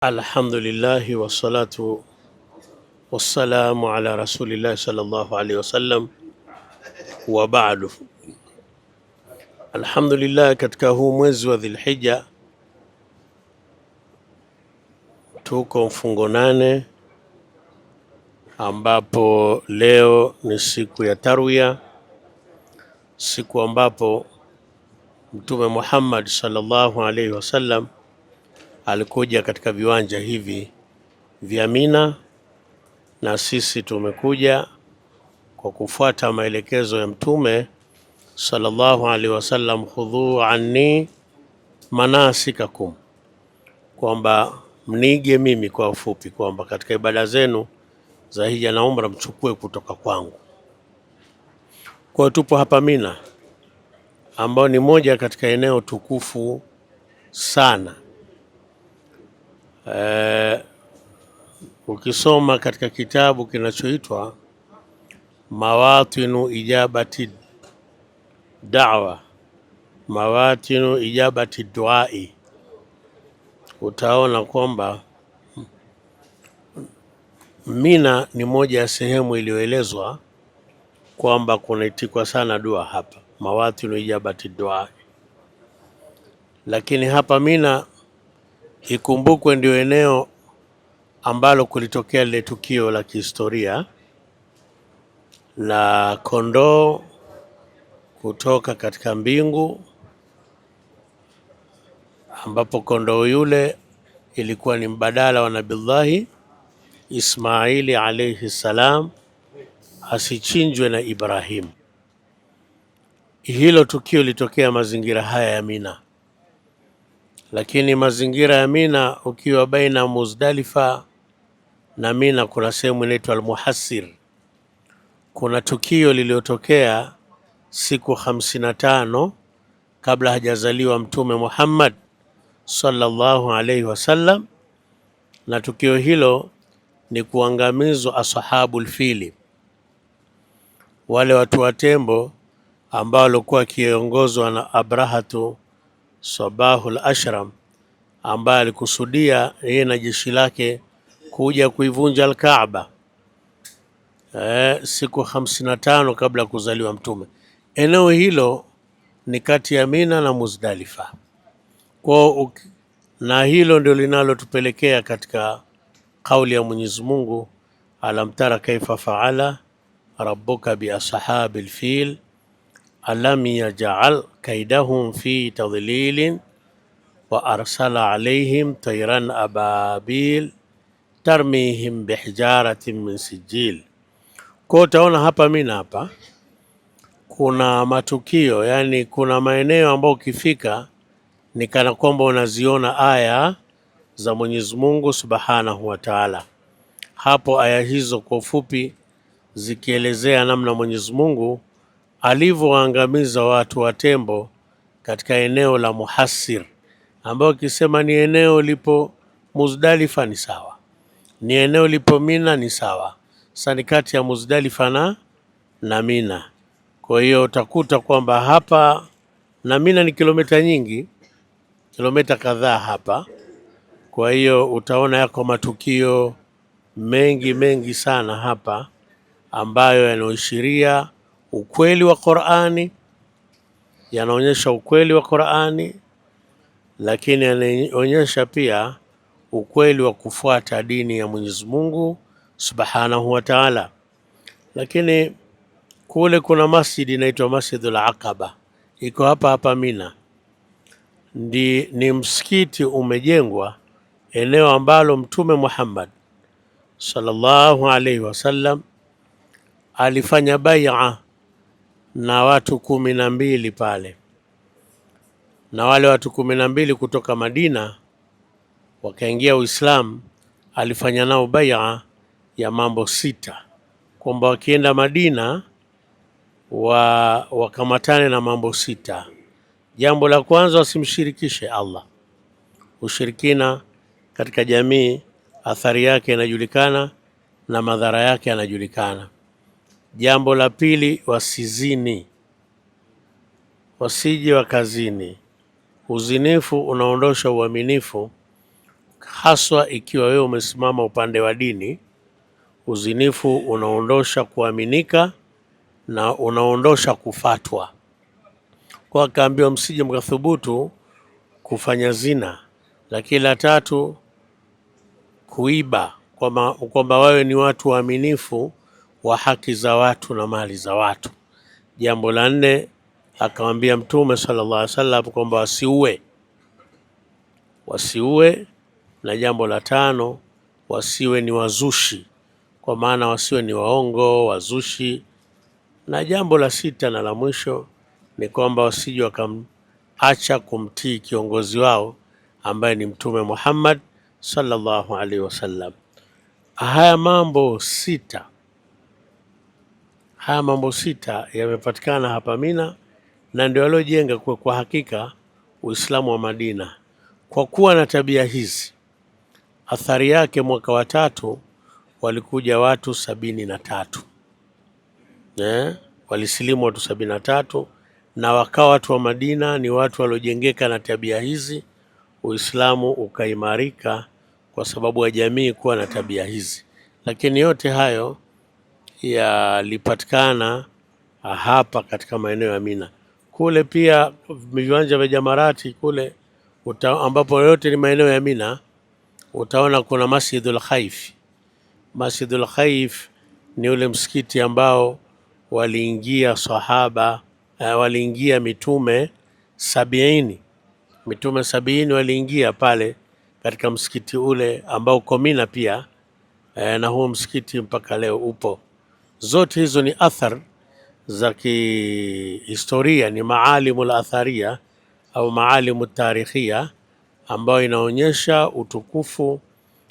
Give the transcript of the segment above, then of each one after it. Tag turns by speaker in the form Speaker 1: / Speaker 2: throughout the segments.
Speaker 1: Alhamdulillahi wassalatu wassalamu ala rasulillahi sallallahu alaihi wasallam wa ba'du. Alhamdulillah, katika huu mwezi wa Dhilhija tuko mfungo nane, ambapo leo ni siku ya tarwiya, siku ambapo Mtume Muhammad sallallahu alaihi wasallam alikuja katika viwanja hivi vya Mina, na sisi tumekuja kwa kufuata maelekezo ya Mtume sallallahu alaihi wasallam, khudhu anni manasikakum, kwamba mnige mimi kwa ufupi, kwamba katika ibada zenu za hija na umra mchukue kutoka kwangu. Kwa hiyo tupo hapa Mina, ambao ni moja katika eneo tukufu sana eh, ukisoma katika kitabu kinachoitwa Mawatinu Ijabati Dawa, Mawatinu Ijabati Duai, utaona kwamba Mina ni moja ya sehemu iliyoelezwa kwamba kunaitikwa sana dua hapa, Mawatinu Ijabati Duai, lakini hapa Mina Ikumbukwe ndio eneo ambalo kulitokea lile tukio la kihistoria la kondoo kutoka katika mbingu, ambapo kondoo yule ilikuwa ni mbadala wa Nabillahi Ismaili alayhi salam asichinjwe na Ibrahim. Hilo tukio litokea mazingira haya ya Mina lakini mazingira ya Mina ukiwa baina Muzdalifa na Mina kuna sehemu inaitwa Almuhasir. Kuna tukio lililotokea siku hamsini na tano kabla hajazaliwa Mtume Muhammad sallallahu alaihi wasallam, na tukio hilo ni kuangamizwa ashabul fili, wale watu wa tembo ambao walikuwa wakiongozwa na Abrahatu Sabahul Ashram ambaye alikusudia yeye na jeshi lake kuja kuivunja Alkaaba e, siku 55 kabla ya kuzaliwa Mtume. Eneo hilo ni kati ya Mina na Muzdalifa kwao, na hilo ndio linalotupelekea katika kauli ya Mwenyezi Mungu, alam tara kaifa faala rabbuka ashabil fil alam yaj'al kaidahum fi tadlilin wa arsala alayhim tayran ababil tarmihim bihijaratin min sijil. Kwa utaona hapa na hapa kuna matukio, yani kuna maeneo ambayo ukifika ni kana kwamba unaziona aya za Mwenyezi Mungu Subhanahu wa Ta'ala. Hapo aya hizo kwa ufupi zikielezea namna Mwenyezi Mungu alivyoangamiza watu wa tembo katika eneo la muhasir ambayo ukisema ni eneo lipo Muzdalifa ni sawa, ni eneo lipo Mina ni sawa, sasa ni kati ya Muzdalifa na na Mina. Kwa hiyo utakuta kwamba hapa na Mina ni kilomita nyingi, kilomita kadhaa hapa. Kwa hiyo utaona yako matukio mengi mengi sana hapa ambayo yanaoishiria ukweli wa Qur'ani, yanaonyesha ukweli wa Qur'ani, lakini yanaonyesha pia ukweli wa kufuata dini ya Mwenyezi Mungu Subhanahu wa Ta'ala. Lakini kule kuna masjidi inaitwa Masjidul Aqaba, iko hapa hapa Mina. Ndi, ni msikiti umejengwa eneo ambalo Mtume Muhammad sallallahu alaihi wasallam alifanya bai'a na watu kumi na mbili pale, na wale watu kumi na mbili kutoka Madina wakaingia Uislamu. Alifanya nao baia ya mambo sita, kwamba wakienda Madina wa wakamatane na mambo sita. Jambo la kwanza, wasimshirikishe Allah. Ushirikina katika jamii athari yake inajulikana na madhara yake yanajulikana. Jambo la pili, wasizini, wasije kazini Uzinifu unaondosha uaminifu, haswa ikiwa wewe umesimama upande wa dini. Uzinifu unaondosha kuaminika na unaondosha kufatwa. Kwa akaambiwa msije mkathubutu kufanya zina. Lakini la tatu, kuiba, kwamba wewe ni watu waaminifu wa haki za watu na mali za watu. Jambo la nne akamwambia Mtume sallallahu alaihi wasallam kwamba wasiue, wasiue. Na jambo la tano wasiwe ni wazushi, kwa maana wasiwe ni waongo, wazushi. Na jambo la sita na la mwisho ni kwamba wasije wakamacha kumtii kiongozi wao ambaye ni Mtume Muhammad sallallahu alaihi wasallam. Haya mambo sita Haya mambo sita yamepatikana hapa Mina na ndio yaliyojenga kwa, kwa hakika Uislamu wa Madina. Kwa kuwa na tabia hizi, athari yake mwaka wa tatu walikuja watu sabini na tatu eh, walisilimu watu sabini na tatu na wakawa watu wa Madina ni watu waliojengeka na tabia hizi. Uislamu ukaimarika kwa sababu ya jamii kuwa na tabia hizi, lakini yote hayo yalipatikana ah, hapa katika maeneo ya Mina. Kule pia viwanja vya Jamarati kule uta, ambapo yote ni maeneo ya Mina, utaona kuna Masjidul Khaif. Masjidul Khaif ni ule msikiti ambao waliingia sahaba eh, waliingia mitume sabiini mitume sabiini waliingia pale katika msikiti ule ambao uko Mina pia eh, na huo msikiti mpaka leo upo. Zote hizo ni athar za kihistoria, ni maalimu latharia au maalimu tarikhia, ambayo inaonyesha utukufu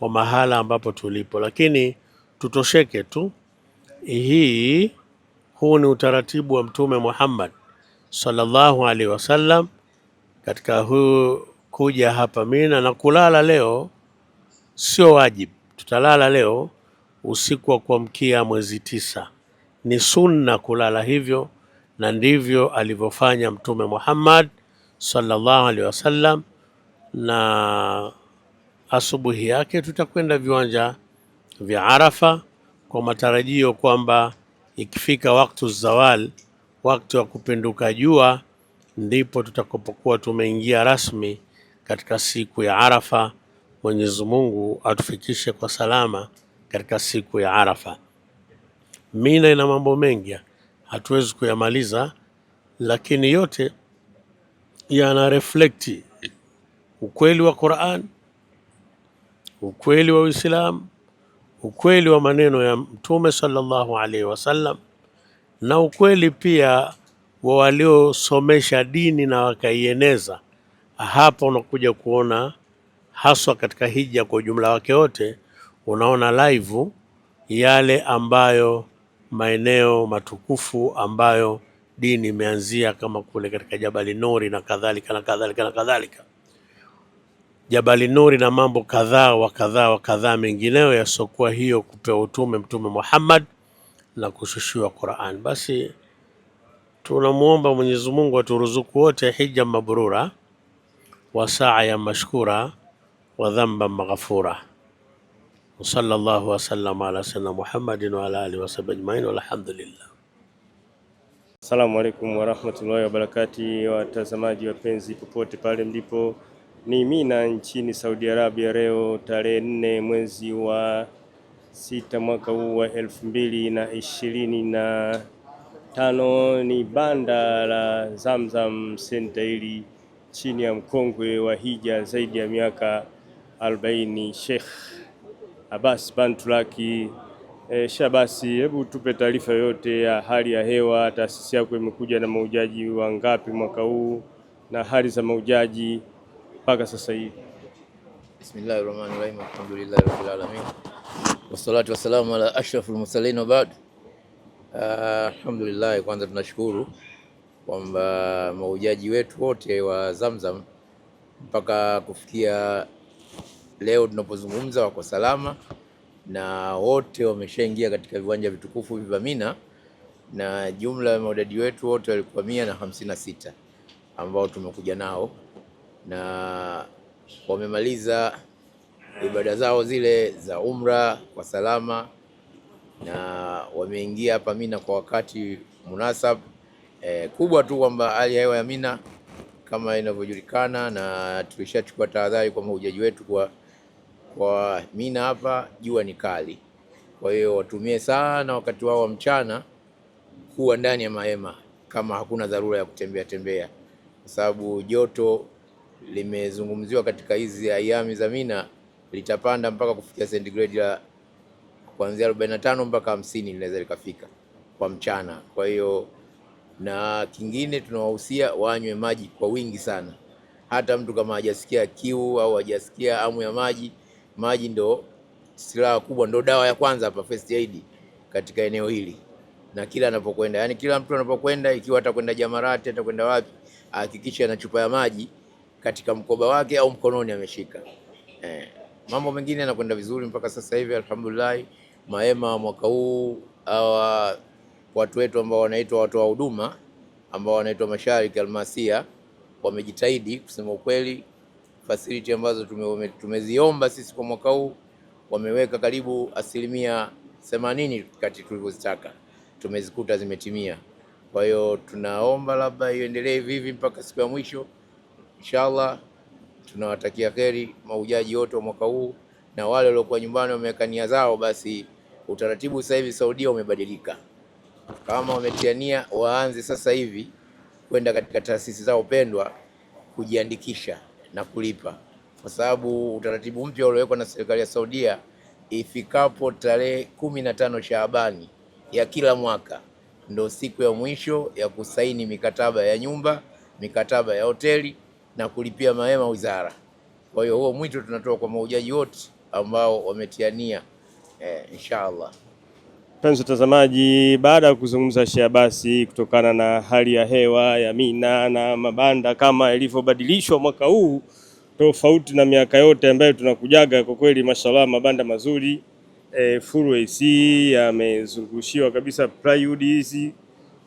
Speaker 1: wa mahala ambapo tulipo, lakini tutosheke tu hii. Huu ni utaratibu wa Mtume Muhammad sallallahu alaihi wasallam katika huu kuja hapa Mina na kulala leo sio wajibu, tutalala leo usiku wa kuamkia mwezi tisa. Ni sunna kulala hivyo, na ndivyo alivyofanya Mtume Muhammad sallallahu alaihi wasallam. Na asubuhi yake tutakwenda viwanja vya Arafa kwa matarajio kwamba ikifika waktu zawal, wakati wa kupinduka jua, ndipo tutakapokuwa tumeingia rasmi katika siku ya Arafa. Mwenyezi Mungu atufikishe kwa salama katika siku ya Arafa. Mina ina mambo mengi hatuwezi kuyamaliza, lakini yote yana reflect ukweli wa Qur'an, ukweli wa Uislamu, ukweli wa maneno ya Mtume sallallahu alaihi wasallam na ukweli pia wa waliosomesha dini na wakaieneza. Hapa unakuja kuona haswa katika hija kwa ujumla wake wote unaona live yale ambayo maeneo matukufu ambayo dini imeanzia kama kule katika Jabali Nuri na kadhalika na kadhalika na kadhalika, Jabali Nuri na mambo kadhaa wa kadhaa wa kadhaa mengineyo yasiokuwa hiyo kupewa utume Mtume Muhammad na kushushiwa Qur'an. Basi tunamwomba Mwenyezi Mungu aturuzuku wote hija mabrura wa saa ya mashkura wa dhamba maghfura. Wasallallahu wasallam ala sayyidina Muhammadin wa ala alihi wasahbihi ajmain walhamdulillah.
Speaker 2: Assalamu alaikum warahmatullahi wabarakati, watazamaji wapenzi popote pale mlipo, ni Mina nchini Saudi Arabia. Leo tarehe nne mwezi wa sita mwaka huu wa elfu mbili na ishirini na tano ni banda la Zamzam Center hili chini ya mkongwe wa hija zaidi ya miaka 40 Sheikh Abbas Pantulaki. E, Shabasi, hebu tupe taarifa yote ya hali ya hewa. Taasisi yako imekuja na maujaji wangapi mwaka huu na hali za maujaji mpaka sasa hivi?
Speaker 3: Bismillahir Rahmanir Rahim, alhamdulillahi rabbil alamin, wassalatu wassalamu ala ashrafil mursalin wa ba'd. Ah, alhamdulillah, kwanza tunashukuru kwamba maujaji wetu wote wa Zamzam mpaka kufikia leo tunapozungumza wako salama na wote wameshaingia katika viwanja vitukufu vya Mina na jumla ya maudadi wetu wote walikuwa mia na hamsini na sita ambao tumekuja nao na wamemaliza ibada zao zile za umra kwa salama na wameingia hapa Mina kwa wakati munasab. E, kubwa tu kwamba hali ya hewa ya Mina kama inavyojulikana, na tulishachukua tahadhari kwa mahujaji wetu kwa kwa Mina hapa jua ni kali, kwa hiyo watumie sana wakati wao wa mchana kuwa ndani ya mahema kama hakuna dharura ya kutembea tembea, kwa sababu joto limezungumziwa katika hizi ayami za Mina litapanda mpaka kufikia sentigredi ya kuanzia 45 mpaka 50 linaweza likafika kwa mchana. Kwa hiyo na kingine tunawahusia wanywe maji kwa wingi sana. Hata mtu kama hajasikia kiu au hajasikia amu ya maji maji ndo silaha kubwa, ndo dawa ya kwanza hapa first aid katika eneo hili, na kila anapokwenda, yani kila mtu anapokwenda, ikiwa atakwenda Jamarati, atakwenda wapi, ahakikishe ana chupa ya maji katika mkoba wake au mkononi ameshika. Eh, mambo mengine yanakwenda vizuri mpaka sasa hivi alhamdulillah. Mahema mwaka huu hawa watu wetu ambao wanaitwa wa huduma ambao wanaitwa Mashariki Almasia wamejitahidi kusema ukweli facility ambazo tumeziomba sisi kwa mwaka huu wameweka karibu asilimia themanini kati tulivyozitaka tumezikuta zimetimia. Kwa hiyo tunaomba labda iendelee hivi hivi mpaka siku ya mwisho inshallah. Tunawatakia kheri mahujaji wote wa mwaka huu na wale waliokuwa nyumbani wameweka nia zao, basi utaratibu sasa hivi Saudia umebadilika, kama wametiania waanze sasa hivi kwenda katika taasisi zao pendwa kujiandikisha na kulipa, kwa sababu utaratibu mpya uliowekwa na serikali ya Saudia, ifikapo tarehe kumi na tano Shaabani ya kila mwaka ndo siku ya mwisho ya kusaini mikataba ya nyumba, mikataba ya hoteli na kulipia mahema wizara. Kwa hiyo huo mwito tunatoa kwa mahujaji wote ambao wametiania eh, inshallah.
Speaker 2: Mpenzi mtazamaji, baada ya kuzungumza shia basi kutokana na hali ya hewa ya Mina na mabanda kama yalivyobadilishwa mwaka huu tofauti na miaka yote ambayo tunakujaga, kwa kweli mashallah, mabanda mazuri e, full AC yamezungushiwa kabisa plywood hizi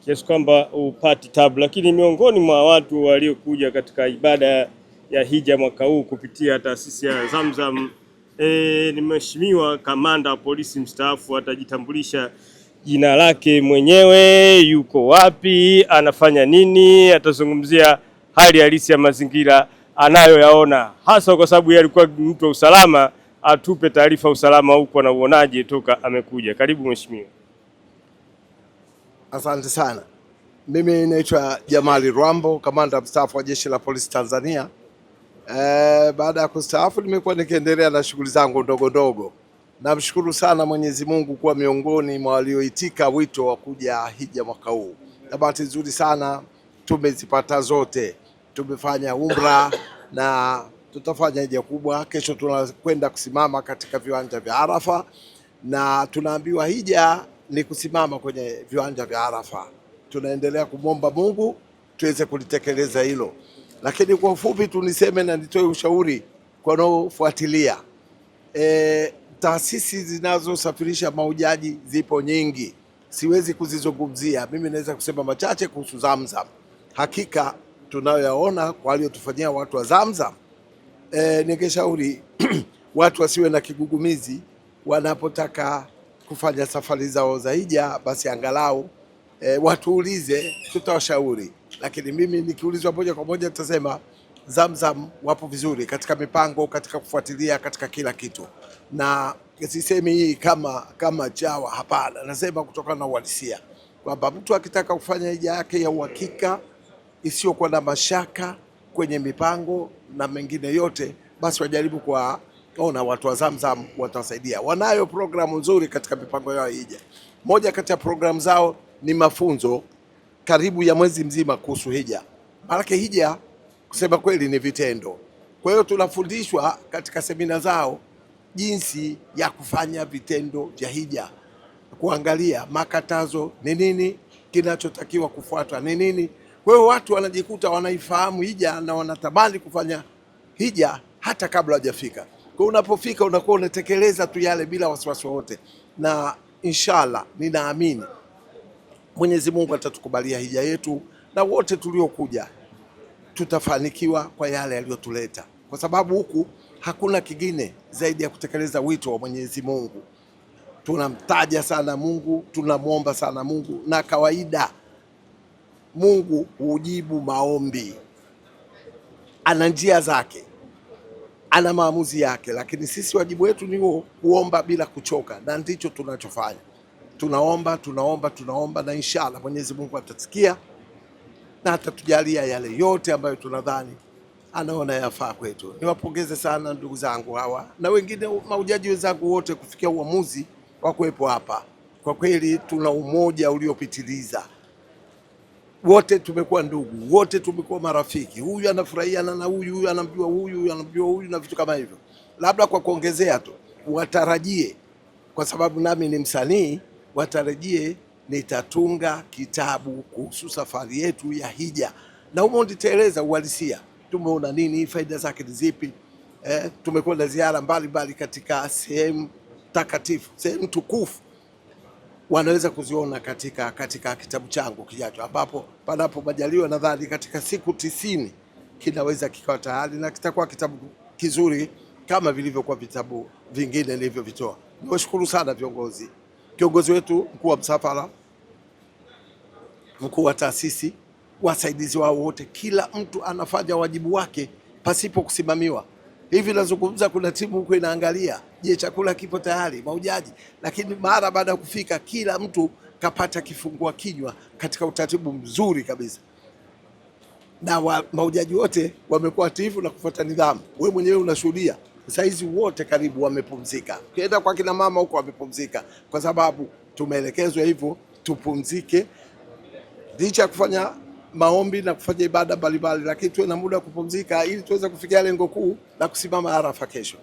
Speaker 2: kiasi kwamba upati tabu. Lakini miongoni mwa watu waliokuja katika ibada ya hija mwaka huu kupitia taasisi ya Zamzam e, ni mheshimiwa kamanda wa polisi mstaafu, atajitambulisha jina lake mwenyewe, yuko wapi, anafanya nini, atazungumzia hali halisi ya mazingira anayoyaona, hasa kwa sababu yeye alikuwa mtu wa usalama. Atupe taarifa usalama huko na uonaje toka amekuja. Karibu mheshimiwa.
Speaker 4: Asante sana. Mimi naitwa Jamali Rwambo, kamanda mstaafu wa jeshi la polisi Tanzania. E, baada ya kustaafu nimekuwa nikiendelea na shughuli zangu ndogo ndogo. Namshukuru sana Mwenyezi Mungu kuwa miongoni mwa walioitika wito wa kuja hija mwaka huu, na bahati nzuri sana tumezipata zote. Tumefanya umra na tutafanya hija kubwa. Kesho tunakwenda kusimama katika viwanja vya Arafa, na tunaambiwa hija ni kusimama kwenye viwanja vya Arafa. Tunaendelea kumwomba Mungu tuweze kulitekeleza hilo. Lakini kwa ufupi tu niseme na nitoe ushauri kwa wanaofuatilia e, taasisi zinazosafirisha mahujaji zipo nyingi, siwezi kuzizungumzia mimi, naweza kusema machache kuhusu Zamzam. Hakika tunayoyaona kwa aliyotufanyia watu wa Zamzam e, ningeshauri watu wasiwe na kigugumizi wanapotaka kufanya safari zao za hija, basi angalau e, watuulize, tutawashauri. Lakini mimi nikiulizwa moja kwa moja nitasema Zamzam wapo vizuri katika mipango, katika kufuatilia, katika kila kitu, na sisemi hii kama kama chawa, hapana. Nasema kutokana na uhalisia kwamba mtu akitaka kufanya hija yake ya uhakika isiyokuwa na mashaka kwenye mipango na mengine yote, basi wajaribu kuwaona watu wa Zamzam, watawasaidia. Wanayo programu nzuri katika mipango yao ya hija. Moja kati ya programu zao ni mafunzo karibu ya mwezi mzima kuhusu hija. Maanake hija kusema kweli ni vitendo. Kwa hiyo tunafundishwa katika semina zao jinsi ya kufanya vitendo vya hija, kuangalia makatazo ni nini, kinachotakiwa kufuatwa ni nini. Kwa hiyo watu wanajikuta wanaifahamu hija na wanatamani kufanya hija hata kabla hajafika. Kwa unapofika unakuwa unatekeleza tu yale bila wasiwasi wowote, na inshallah ninaamini Mwenyezi Mungu atatukubalia hija yetu na wote tuliokuja tutafanikiwa kwa yale yaliyotuleta, kwa sababu huku hakuna kingine zaidi ya kutekeleza wito wa Mwenyezi Mungu. Tunamtaja sana Mungu, tunamwomba sana Mungu, na kawaida Mungu hujibu maombi. Ana njia zake, ana maamuzi yake, lakini sisi wajibu wetu ni huo, kuomba bila kuchoka, na ndicho tunachofanya tunaomba tunaomba tunaomba, na inshallah Mwenyezi Mungu atatusikia na atatujalia yale yote ambayo tunadhani anaona yafaa kwetu. Niwapongeze sana ndugu zangu hawa na wengine maujaji wenzangu wote kufikia uamuzi wa kuwepo hapa. Kwa kweli tuna umoja uliopitiliza, wote tumekuwa ndugu, wote tumekuwa marafiki. Huyu anafurahiana na huyu, huyu anamjua huyu, huyu anamjua huyu na vitu kama hivyo. Labda kwa kuongezea tu, watarajie kwa sababu nami ni msanii watarajie nitatunga kitabu kuhusu safari yetu ya hija, na humo nitaeleza uhalisia, tumeona nini, faida zake ni zipi. Eh, tumekwenda ziara mbalimbali katika sehemu takatifu, sehemu tukufu, wanaweza kuziona katika, katika kitabu changu kijacho, ambapo panapo majaliwa, nadhani katika siku tisini kinaweza kikawa tayari na kitakuwa kitabu kizuri kama vilivyokuwa vitabu vingine nilivyovitoa. Niwashukuru sana viongozi kiongozi wetu mkuu wa msafara, mkuu wa taasisi, wasaidizi wao wote, kila mtu anafanya wajibu wake pasipo kusimamiwa. Hivi nazungumza, kuna timu huko inaangalia, je, chakula kipo tayari, maujaji. Lakini mara baada ya kufika, kila mtu kapata kifungua kinywa katika utaratibu mzuri kabisa, na maujaji wote wamekuwa tifu na kufuata nidhamu. Wewe mwenyewe unashuhudia saizi wote karibu wamepumzika. Ukienda kwa kina mama huko wamepumzika, kwa sababu tumeelekezwa hivyo tupumzike, licha ya kufanya maombi na kufanya ibada mbalimbali, lakini tuwe na muda wa kupumzika ili tuweze kufikia lengo kuu la kusimama Arafa kesho.